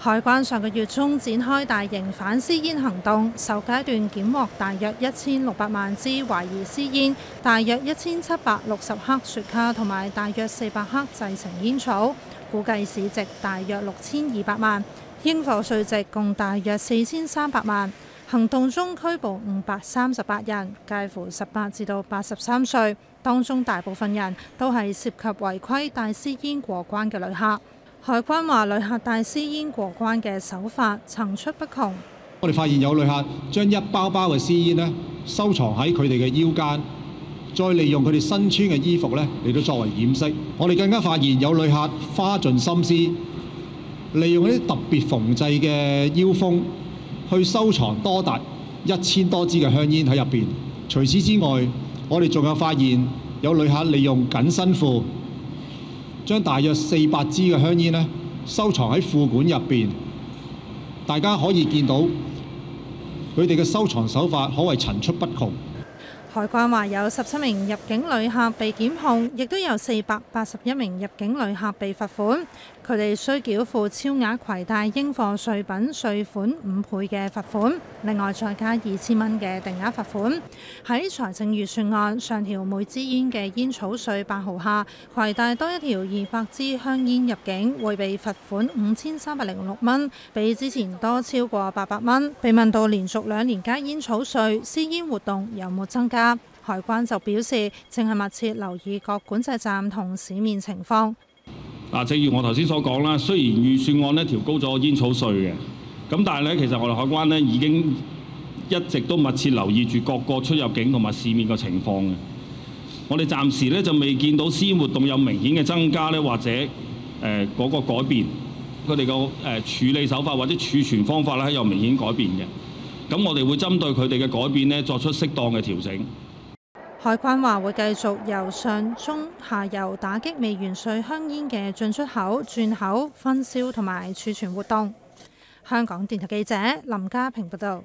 海關上個月中展開大型反私煙行動，首階段檢獲大約一千六百萬支懷疑私煙，大約一千七百六十克雪茄同埋大約四百克製成煙草，估計市值大約六千二百萬，應課稅值共大約四千三百萬。行動中拘捕五百三十八人，介乎十八至到八十三歲，當中大部分人都係涉及違規帶私煙過關嘅旅客。海關話旅客帶私煙過關嘅手法層出不窮。我哋發現有旅客將一包包嘅私煙呢，收藏喺佢哋嘅腰間，再利用佢哋身穿嘅衣服呢嚟到作為掩飾。我哋更加發現有旅客花盡心思，利用一啲特別縫製嘅腰封去收藏多達一千多支嘅香煙喺入邊。除此之外，我哋仲有發現有旅客利用緊身褲，將大約四百支嘅香煙收藏喺褲管入邊，大家可以見到佢哋嘅收藏手法可謂層出不窮。海關話有十七名入境旅客被檢控，亦都有四百八十一名入境旅客被罰款。佢哋需繳付超額攜帶應課稅品稅款五倍嘅罰款，另外再加二千蚊嘅定額罰款。喺財政預算案上調每支煙嘅煙草稅八毫下，攜帶多一條二百支香煙入境會被罰款五千三百零六蚊，比之前多超過八百蚊。被問到連續兩年加煙草稅，私煙活動有冇增加？海關就表示，正係密切留意各管制站同市面情況。嗱，正如我頭先所講啦，雖然預算案咧調高咗煙草稅嘅，咁但係咧，其實我哋海關咧已經一直都密切留意住各個出入境同埋市面嘅情況嘅。我哋暫時咧就未見到私煙活動有明顯嘅增加咧，或者誒嗰、呃嗰個改變，佢哋個誒處理手法或者儲存方法咧係有明顯改變嘅。咁我哋會針對佢哋嘅改變呢作出適當嘅調整。海關話會繼續由上中下游打擊未完稅香煙嘅進出口、轉口、分銷同埋儲存活動。香港電台記者林家平報道。